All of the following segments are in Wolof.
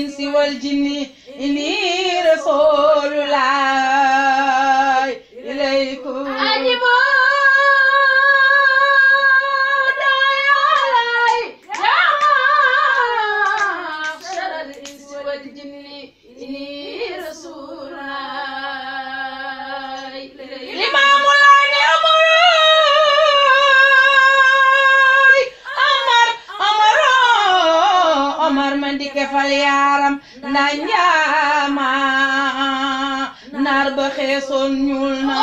الإنس والجن إني رسول الله marmandi kefal yaaram nda njaama naar ba xeesoon ñuul na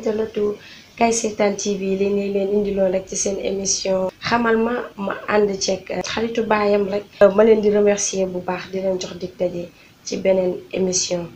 internetu kay seetaan TV li ni leen indiloon rek ci seen émission xamal ma ma ànd ceeg xaritu baayam rek ma leen di remercier bu baax di leen jox dig daje ci beneen émission